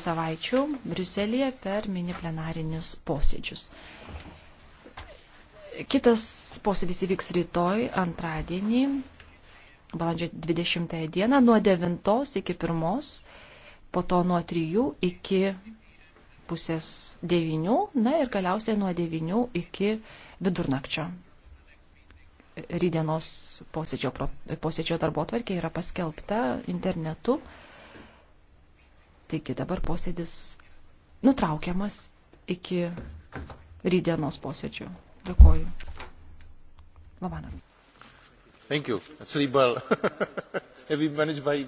savaičių Briuselėje per mini plenarinius posėdžius. Kitas posėdis įvyks rytoj, antradienį, balandžio 20 dieną, nuo 9 iki 1, po to nuo 3 iki pusės 9, na ir galiausiai nuo 9 iki vidurnakčio. Rydienos posėdžio, posėdžio darbo tvarkė yra paskelbta internetu. Taigi dabar posėdis nutraukiamas iki rydienos posėdžio. Dėkoju. Labanas. Thank you. Actually, well, have you managed by